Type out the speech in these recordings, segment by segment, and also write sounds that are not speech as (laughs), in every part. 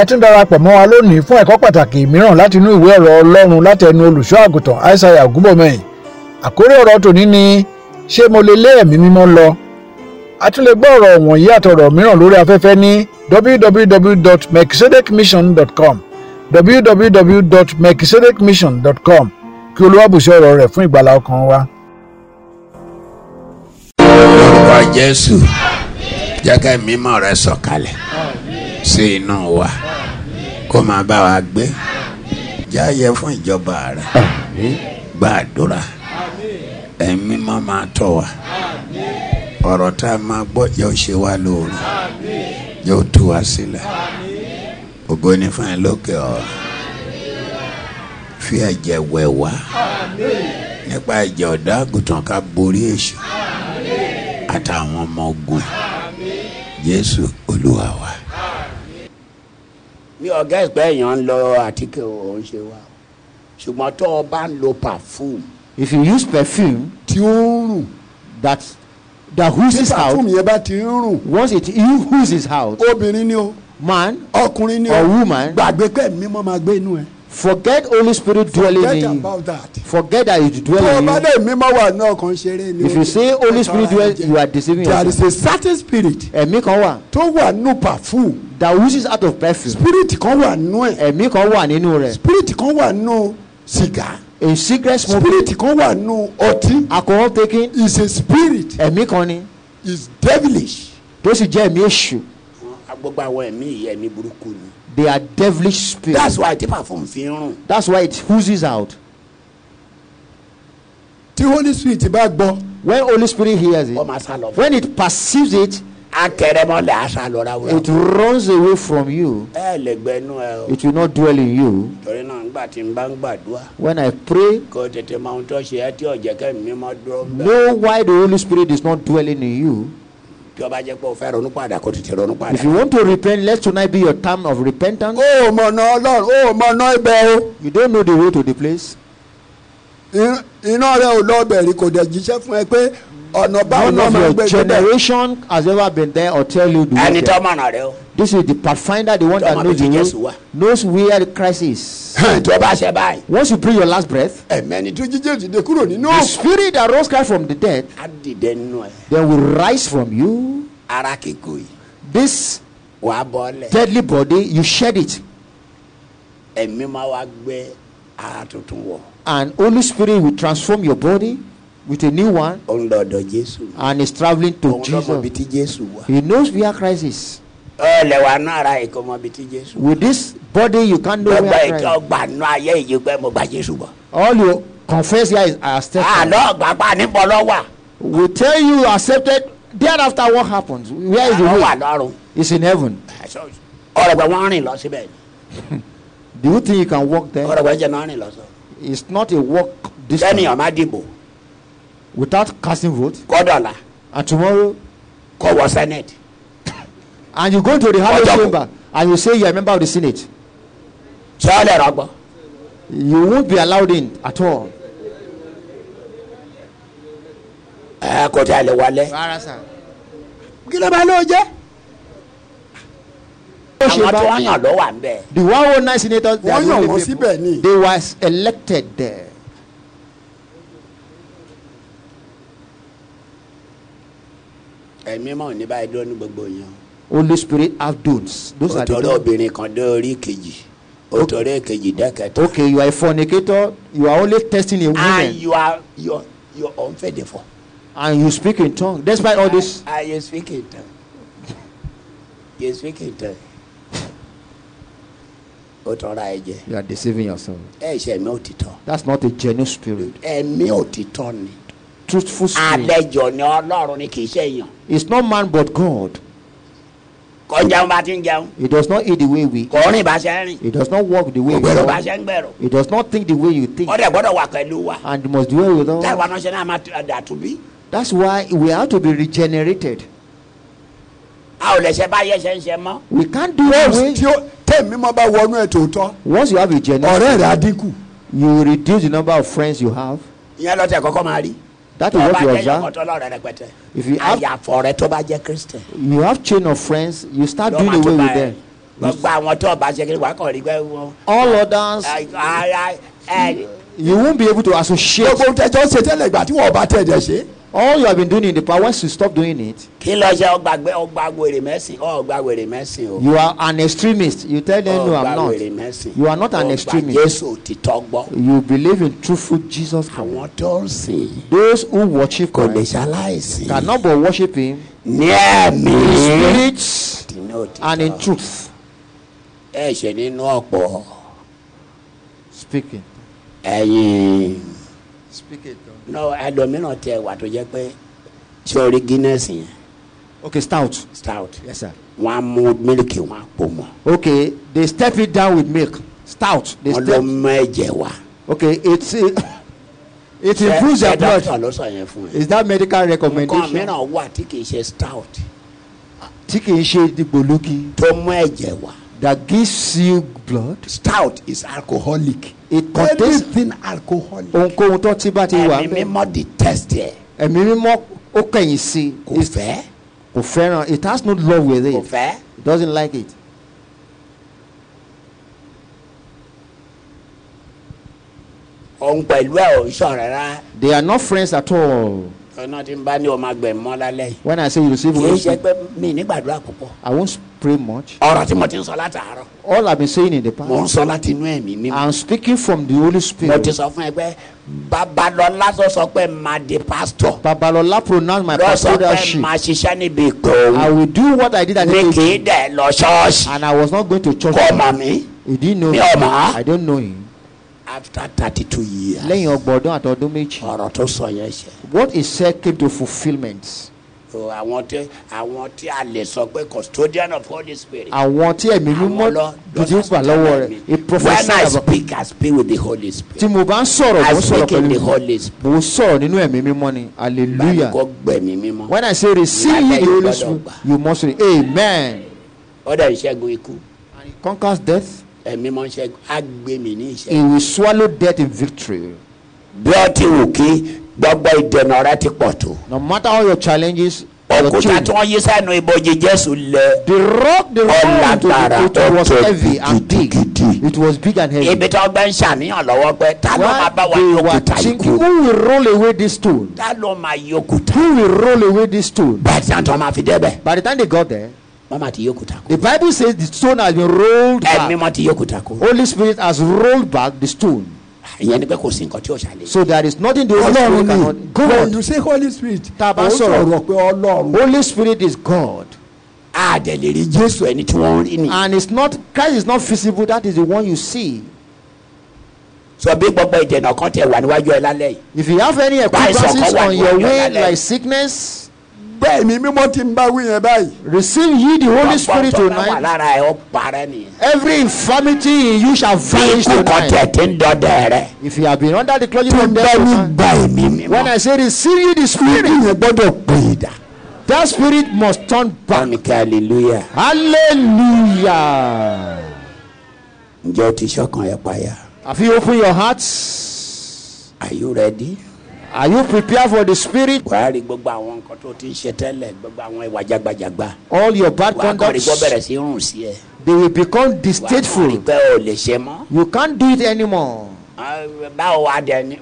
ẹ tún darapọ̀ mọ́ wa lónìí fún ẹ̀kọ́ pàtàkì mìíràn láti inú ìwé ọ̀rọ̀ ọlọ́run láti ẹnu olùṣọ́ àgùntàn aishaiya ògúnbọ̀mọyìn àkórí ọ̀rọ̀ tòní ni ṣé mo lè lé ẹ̀mí mímọ́ lọ a tún lè gbọ́ ọ̀rọ̀ wọ̀nyí àtọ̀rọ̀ mìíràn lórí afẹ́fẹ́ ní www.mekisedekmission.com www.mekisedekmission.com kí olúwàbùsí ọ̀rọ̀ rẹ̀ fún ìgbàlá ọkàn wa. orúkọ jésù jẹ́ kí mímọ́ rẹ sọ̀kalẹ̀. So sí inú wa kó máa bá wa gbé jáyẹ fún ìjọba rẹ gbàdúrà ẹ̀mí máa máa tọ̀ wá ọ̀rọ̀ tá a máa gbọ́ yóò ṣe wá lóore yóò tú wa sílẹ̀ ògo ní fún ẹ lókè ọ̀rọ̀ fi ẹ̀jẹ̀ wẹ̀ wá nípa ẹ̀jẹ̀ ọ̀dọ́ àgùntàn ká borí èṣù àtàwọn ọmọ ogun Jésù Olúwa wa mi ọ̀gá ẹ̀pẹ́ èèyàn ń lọ àtíkè òun ṣe wa ṣùgbọ́n tó o bá ń lo perfume. if you use perfume. tí ó ń rùn. that that oozes out. tí perfume yẹn bá ti ń rùn. once it oozes out. obìnrin ni o. man ọkùnrin ni o. or woman. gbàgbé pé mímọ́ máa gbé inú ẹ forget holy spirit dwelling forget in you forget about that forget that it dwell in you. tó o bá dé mímọ́ wà náà kàn ṣeré ni. if you say holy spirit dwell you are deceiving yourself. there is a certain spirit. ẹ̀mí kan wà. tó wà nù perfume. that oozes out of perfume. spirit kan wà nù ẹ̀. ẹ̀mí kan wà nínú rẹ̀. spirit kan wà nù sìgá. a secret smoke. spirit kan wà nù ọtí. alcohol taking. is a spirit. ẹ̀mí kan ni. is devilish. tó sì jẹ́ ẹ̀mí èṣù. gbogbo àwọn ẹ̀mí ìyá ẹ̀mí burúkú ni they are devilish spirits. that's why tí perfume fi ń rùn. that's why it oozes out. tí holy spirit bá gbọ́. when holy spirit hears it. ó máa sá lọ. when it perceives it. akẹrẹmọlẹ aṣa lọra wẹ. it runs away from you. ẹ lè gbẹnu ẹ o. it will not dwell in you. torí náà nígbà tí n bá ń gbàdúrà. when I pray. kò tètè máa ń tọ́ ṣe ẹ tí ọ̀jẹ̀ kẹ́ mi máa dúró. know why the holy spirit is not dwelling in you bí ọba jẹ́ ronú padà kó tètè ronú padà. if you want to repent let tonight be your time of repentance. o mọ̀ ná ọlọ́run o mọ̀ ná ibẹ̀ o. you don't know the way to the place. iná rẹ ò lọ bẹ̀rì kò dẹ̀ jíṣẹ́ fún ẹ pé ọ̀nà báwo ni wọ́n máa ń gbé gbé generation has ever been there or tell you the way. ẹni tó mọ̀nà rẹ o. this is the pathfinder the one that knows the way knows where the crisis is. tó bá ṣe báyìí. once you breathe your last breath. ẹ̀mẹ́ni tó jíjẹ́ dìde kúrò nínú. the spirit that rose Christ from the dead. á dìde nínú ẹ. then will rise from you. ara kíkó yìí. this. wàá bọ́ deadly body you shed it. ẹ̀mí máa wá gbé ara tuntun wọ̀. and Holy Spirit will transform your body. with a new one and is traveling to Jesus. He knows where Christ is. With this body, you can't know where Christ All you confess here is I accepted. Ah, we tell you you accepted. Thereafter, what happens? Where is the ah, way? It's in heaven. (laughs) Do you think you can walk there? It's not a walk distance. without casting vote. kọ́dọ̀là. and tomorrow. kọ́ wọ senate. and you go to the house chamber and you say you are a member of the senate. sọ́ọ́lẹ̀ rọgbọ. you won't be allowed in at all. ẹ kò tẹ́ ẹ lè wọlé. rárá sà. kí ló bá lóò jẹ́ àwọn tí wọ́n yàn lọ́wọ́ à ń bẹ̀. the one oh nine senators. wọ́n yàn wọ́n síbẹ̀ ni. they were elected there. ẹ̀mí mọ̀ ní báyìí dúró ní gbogbo yẹn. holy spirit have those. those are the. òtọ̀rọ̀ obìnrin kan dé orí kejì òtọ̀rọ̀ kejì dákẹ́tọ̀. okay you are a fornicator you are only testing a woman. and you are you are you are unfed for. and you speak in tongue despite all this. ah you speak in tongue you speak in tongue. o tọra ẹ jẹ. you are deceiving yourself. ẹ ṣe ẹ̀mí òtítọ́. that's not a genuine spirit. ẹ̀mí òtítọ́ ni truthful spirit. àlejò ni ọlọ́run ni kì í ṣe èèyàn. he is not man but God. kò jẹun bá ti ń jẹun. he does not eat the way we. kò rìn bá ṣe ń rìn. he does not walk the way we walk. gbèrò bá ṣe ń gbèrò. he does not think the way you think. ọ̀rẹ́ gbọ́dọ̀ wà pẹ̀lú wa. and he must dwell with us. táwa náà ṣe náà máa dàtúbí. that's why we have to be regenerated. a ò lè ṣe báyẹ̀ ṣe ń ṣe mọ́. we can't do it. once tí tẹ̀mí mọ́ bá wọnú ẹ̀ tòótọ́. once you have a generation. ọ̀rẹ́ rẹ̀ á dínkù. you reduce the number of friends you have. ìyẹn lọ́tẹ̀ kọ́kọ́ máa rí that is what you observe if you have àyàfọ̀ rẹ tó bá christian. you have chain of friends you start doing away with them. gbogbo àwọn tó bá ṣe kí wàá kàn rí pé wọn. all others. you won't be able to associate. gbogbo tẹjọ ṣe tẹ́lẹ̀ ìgbà tí wọn bá tẹjọ ṣe all you have been doing in the past once you stop doing it. kí lọ ṣe ọgbàgbé ọgbàgbèrè mẹ́sìn ọgbàgbèrè mẹ́sìn o. you are an extremist you tell them no i'm not you are not an extremist. ọgbà jésù òtítọ́ gbọ́. you believe in truthful jesus Christ. àwọn tó ń sìn. those who worship Christ. kò lè ṣaláìsí. cannot but worship him. ní ẹ̀mí. spirit and in truth. ẹ ṣe nínú ọ̀pọ̀. speaking. ẹ̀yin. Hey no ẹlòmíràn tẹ wà tó jẹ pé sọrí guinness yẹn. okay stout. stout. yes sir. wọn á mú mílìkì wọn pò mọ. okay they step it down with milk stout. wọn lọ mọ ẹ̀jẹ̀ wa. okay it's. Uh, (laughs) it improves your blood. ẹ ẹ dọ́kítà is that medical recommendation. nǹkan mìíràn wà tí kì í ṣe stout. tí kì í ṣe dìgbòlógi. tó mú ẹ̀jẹ̀ wa. that gives you blood. stout is alcoholic it contains everything alcoholic. ohunkóhun tó ti bá ti wà. ẹ̀mí mímọ́ detest ẹ̀. ẹ̀mí mímọ́ ó kẹ̀yìn sí. kò fẹ́. kò fẹ́ràn it has no love with it. kò fẹ́. it doesn't like it. òun pẹ̀lú ẹ̀ ò sọ̀rọ̀ rárá. they are not friends at all. ọ̀nà tí n bá ní ọmọ àgbẹ̀ mọ́ lálẹ́ yìí. when I say you receive wisdom. kì í ṣe pé mi nígbàdúrà púpọ̀. I won't pray much. all i have been saying in the past. i'm speaking from the holy spirit. babalọla sọ sọ pé ma di pastor. babalọla pronounce my pastoralship. lọ sọ pé ma ṣiṣẹ́ níbi i will do what i did at the mi kì í dẹ̀ lọ ṣọ́ọ̀ṣì. and i was not going to church. kò mà mí. he didn't know me. mi ò i don't know him. after thirty two years. lẹ́yìn ọgbọ̀n ọdún méjì. ọ̀rọ̀ tó sọ yẹn ṣe. what he said came to fulfilment. so àwọn tí àwọn tí a lè sọ pé custodian of holy spirit. àwọn tí ẹ̀mí mímọ́ dùdú gbà lọ́wọ́ rẹ̀ a professor. when i speak i speak with the holy spirit. tí mo bá ń sọ̀rọ̀ mo sọ̀rọ̀ pẹ̀lú mo sọ̀rọ̀ nínú ẹ̀mí mímọ́ ni hallelujah. báyìí kò gbẹ̀mí mímọ́. when i say receive the holy spirit you must say amen. ọ̀dà ìṣẹ́gun ikú. and he conquers death. ẹ̀mí mọ́ ṣẹ́gun á gbé mi ní ìṣẹ́gun. he will swallow death in victory. bí ọtí wù kí gbogbo ìdènà rẹ ti pọ̀ tó. no matter all your challenges. òkúta tí wọ́n yí sẹ́nu ibojì Jésù lẹ. the rock the rock ọ̀là tààrà ó tó gidigidi. it was big and heavy. ibi tí wọ́n gbẹ́ ń ṣàníyàn lọ́wọ́ pé ta ló máa bá wa yókùtà yìí kú. who will roll away this stone. ta ló máa yókùtà. who will roll away this stone. by the time tí wọ́n máa fi débẹ̀. by the time they got there. Mama ti yókùtà. The Bible says the stone has been rolled back. Ẹ̀mí mọ́ ti yókùtà kú. Holy Spirit has rolled back the stone ìyẹn ni kò sí nǹkan tí ó ṣàlè. so there is nothing the holy spirit cannot when you say holy spirit. sọ̀rọ̀ pé ọlọ́run. holy spirit is god. a dẹ̀ lè rí jésù ẹni tí wọ́n rí ni. and it's not christ is not visible that is the one you see. so bí gbogbo ìdènà kan tẹ wà níwájú ẹ lálẹ́ yìí. if you have any occurrences on your way like sickness bẹ́ẹ̀ mi mímọ́ ti ń bá báyìí. receive ye the holy spirit tonight. every infirmity in you shall vanish tonight. if you have been under the clergy from there to now. when I say receive ye the spirit. that spirit must turn back. hallelujah. hallelujah. have you opened your heart. are you ready. Are you prepared for the spirit? Wàá rí gbogbo àwọn nǹkan tó ti ń ṣe tẹ́lẹ̀ gbogbo àwọn ìwà jagbajagba. All your bad conduct. Wàá kọ́ rí bẹ̀rẹ̀ sí rùn sí ẹ. They will become distasteful. Wàá rí pé o lè ṣe mọ́. You can't do it anymore. Ah, báwo wá dẹ ni?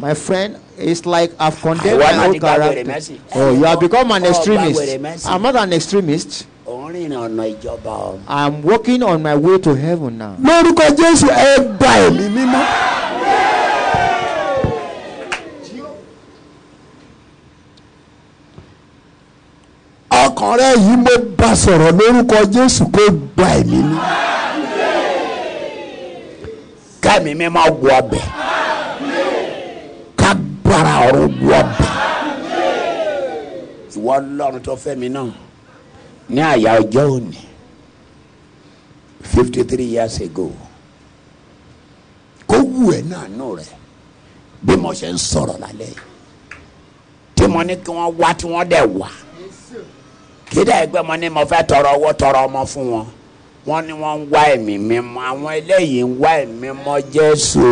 My friend, it's like I've condemned my own character. Oh, you have become an extremist. I'm not an extremist. I'm working on my way to heaven now. ọ̀rẹ́ yìí mo bá sọ̀rọ̀ lórúkọ Jésù kó gba ẹ̀mí mi kẹ́mi mi máa wọ ọbẹ̀ kágbára ọ̀rọ̀ wọ ọbẹ̀ ìwọ Ọlọ́run tó fẹ́ mi náà ní àyà ọjọ́ òní fifty three years ago kó wù ẹ́ náà nù rẹ̀ bí mo ṣe ń sọ̀rọ̀ lálẹ́ yìí tí mo ní kí wọ́n wá tí wọ́n dẹ̀ wá kí dà pé mo ní mo fẹ́ tọrọ owó tọrọ ọmọ fún wọn wọ́n ní wọ́n ń wá ẹ̀mí mímọ́ àwọn eléyìí ń wá ẹ̀mí mímọ́ Jésù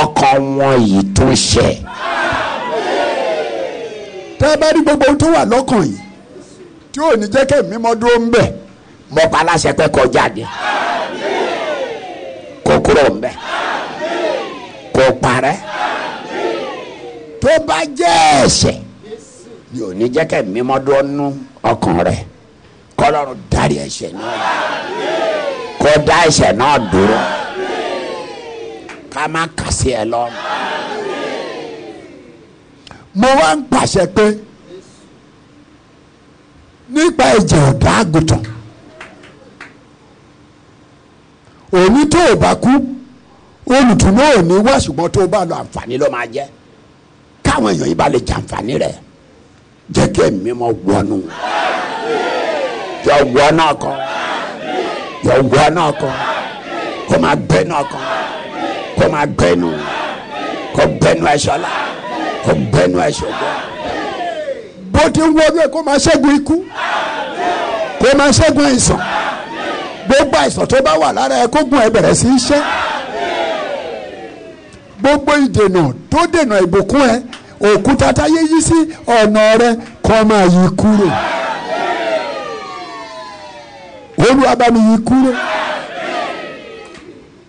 ọkàn wọn yìí tún ṣe. tẹ́ ẹ bá rí gbogbo tó wà lọ́kàn yìí tí ò ní jẹ́ kẹ́ mímọ́ dúró ń bẹ̀ mo pa aláṣẹ pé kó jáde kó kúrò ń bẹ̀ kó parẹ́ tó bá jẹ́ ẹ̀ṣẹ̀ yóò ní jẹ́ kẹ́ mímọ́ dọ́nú ọkàn rẹ̀ kọ́lọ́run dárí ẹ̀ṣẹ̀ náà kó dá ẹ̀ṣẹ̀ náà dúró ká má kà sí ẹ lọ́rùn. mo wá ń pàṣẹ pé nípa ẹ̀jẹ̀ ọ̀dọ́ àgùntàn òní tó o bá kú olùtúmọ̀ òní wá ṣùgbọ́n tó o bá lọ àǹfààní ló máa jẹ́ káwọn èèyàn yìí bá lè jàǹfààní rẹ̀ jẹ́ kí ẹ̀mí mọ́ wọnú yọ wọ náà kan yọ wọ náà kan kó máa gbẹ́nu ọkàn kó máa gbẹ́nu kó gbẹ́nu ẹ̀ṣọ́ la kó gbẹ́nu ẹ̀ṣọ́ gbọ́ bó ti ń wọlé kó máa ṣẹ́gun ikú kó máa ṣẹ́gun àìsàn gbogbo àìsàn tó bá wà lára ẹ kó gun ẹ bẹ̀rẹ̀ sí í ṣẹ́ gbogbo ìdènà tó dènà ìbùkún ẹ òkúta táyé yí sí ọ̀nà rẹ kó máa yí kúrò olúwa bá mi yí kúrò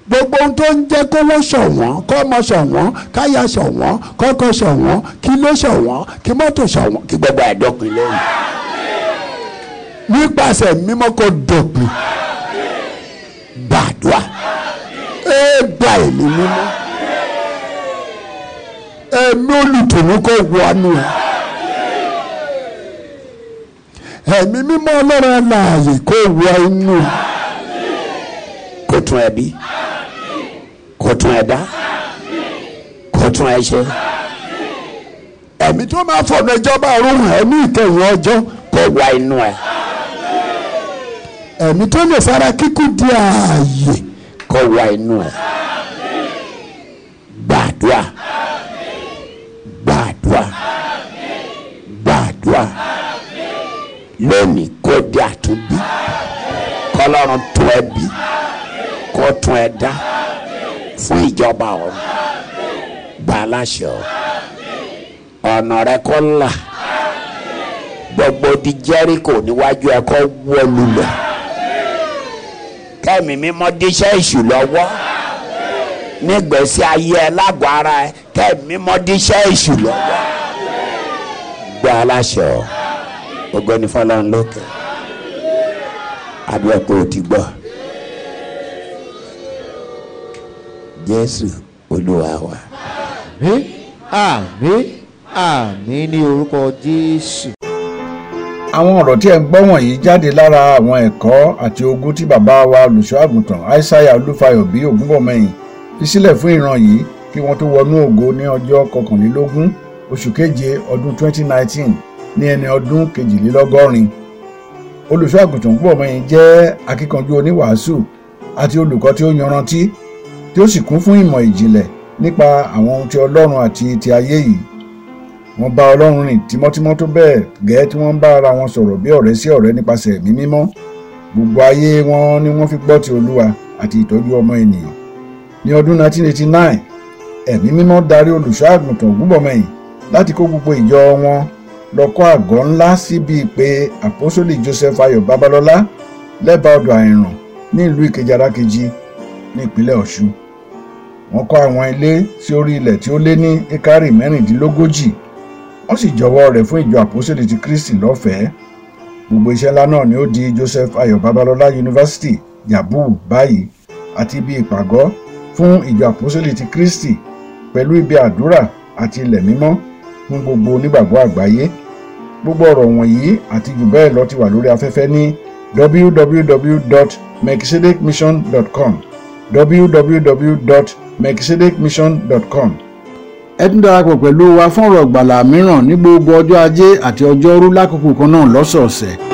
gbogbo ohun tó ń jẹ́ kówó ṣọ̀wọ́n kọ́mọ ṣọ̀wọ́n káyà ṣọ̀wọ́n kọ́kọ́ ṣọ̀wọ́n kíló ṣọ̀wọ́n kí mọ́tò ṣọ̀wọ́n kí gbogbo àdọ́pin lẹ́yìn nípasẹ̀ mímọ́ kó dọ̀pin gbàdúrà ẹ gbà èmi mímọ́ ẹ̀mí olùtùnú kò wọnú ẹ̀ ẹ̀mí mímọ́ ọlọ́run aláàyè kò wọ inú ẹ̀ kò tún ẹbí kò tún ẹ̀dá kò tún ẹ̀ṣẹ̀ ẹ̀mí tó máa fọ̀nà ìjọba ọ̀run ẹ̀mí ìkẹyìn ọjọ́ kò wọ inú ẹ̀ ẹ̀mí tó lè fara kíkú di ààyè kò wọ inú ẹ̀. lónìí kó di àtúnbí kọlọ́run tún ẹ bí kó tún ẹ dá fún ìjọba ọ̀run gba aláṣẹ ọ ọ̀nà rẹ kó là gbogbo di Jẹ́ríkò níwájú ẹ kó wó lulẹ̀ kẹ́mi mímọ́ díṣẹ́ ìṣù lọ́wọ́ nígbèsí ayé ẹ lágọ̀ọ́ ara ẹ kẹ́mi mímọ́ díṣẹ́ ìṣù lọ́wọ́ gba aláṣẹ ọgbẹ́ni fọlọ́run lókè abíọ́pẹ́ ò ti gbọ́ jésù olúwa wa. àmín àmín àmín ní orúkọ jésù. àwọn ọ̀rọ̀ tí ẹ̀ ń gbọ́ wọ̀nyí jáde lára àwọn ẹ̀kọ́ àti ogun tí bàbá wa olùṣọ́àgùntàn aishaiya olúfayọ bí ògúnbọ̀mọyìn fi sílẹ̀ fún ìran yìí kí wọ́n tó wọnú ògo ní ọjọ́ kọkànlélógún oṣù keje ọdún 2019 ní ẹni ọdún kejìlélọ́gọ́rin olùṣọ́ àgùntàn Púpọ̀mọyìn jẹ́ akíkanjú oníwàásù àti olùkọ́ tí ó yanrantí tí ó sì kún fún ìmọ̀ ìjìnlẹ̀ nípa àwọn ohun ti Ọlọ́run àti ti ayé yìí wọ́n bá Ọlọ́run rìn tímọ́tímọ́ tó bẹ́ẹ̀ gẹ́ẹ́ tí wọ́n ń bá ara wọn sọ̀rọ̀ bí ọ̀rẹ́ sí ọ̀rẹ́ nípasẹ̀ ẹ̀mí mímọ́ gbogbo ayé wọn ni wọ́n fi gbọ́ ti Olúwa àti ìtọ́jú ọmọ ènìyàn ní ọdún 1989 ẹ̀mí mímọ́ darí olùṣọ́ àgùntàn Púpọ̀mọyìn láti kó gbogbo ìjọ wọn lọ kọ́ àgọ́ ńlá síbi ìpè àpọ́sólì Joseph Ayọ̀ Babalọ́lá lẹ́bàá ọ̀dọ̀ àìràn ní ìlú Ìkejì Arákejì ní ìpínlẹ̀ Ọ̀ṣun wọ́n kọ́ àwọn ilé sí orí ilẹ̀ tí ó lé ní ekari mẹ́rìndínlógójì wọ́n sì jọ̀wọ́ rẹ̀ fún ìjọ àpọ́sólì ti Kristi lọ́fẹ̀ẹ́ gbogbo iṣẹ́ ńlá náà ni ó di Joseph Ayọ̀ Babalọ́lá University Yabu báyìí àti ibi ìpàgọ́ fún ìjọ àpọ́sólì ti Kristi pẹ̀lú ibi àdúrà àti ilẹ̀ mímọ́ fún gbogbo onígbàgbọ́ àgbáyé gbogbo ọ̀rọ̀ wọ̀nyí àti jù bẹ́ẹ̀ lọ ti wà lórí afẹ́fẹ́ ní www.mekisedekmission.com www.mekisedekmission.com ẹ tún darapọ̀ pẹ̀lú wa fún ọ̀rọ̀ gbàlà mìíràn ní gbogbo ọjọ́ ajé àti ọjọ́rú lákòókò kan náà lọ́sọ̀ọ̀sẹ̀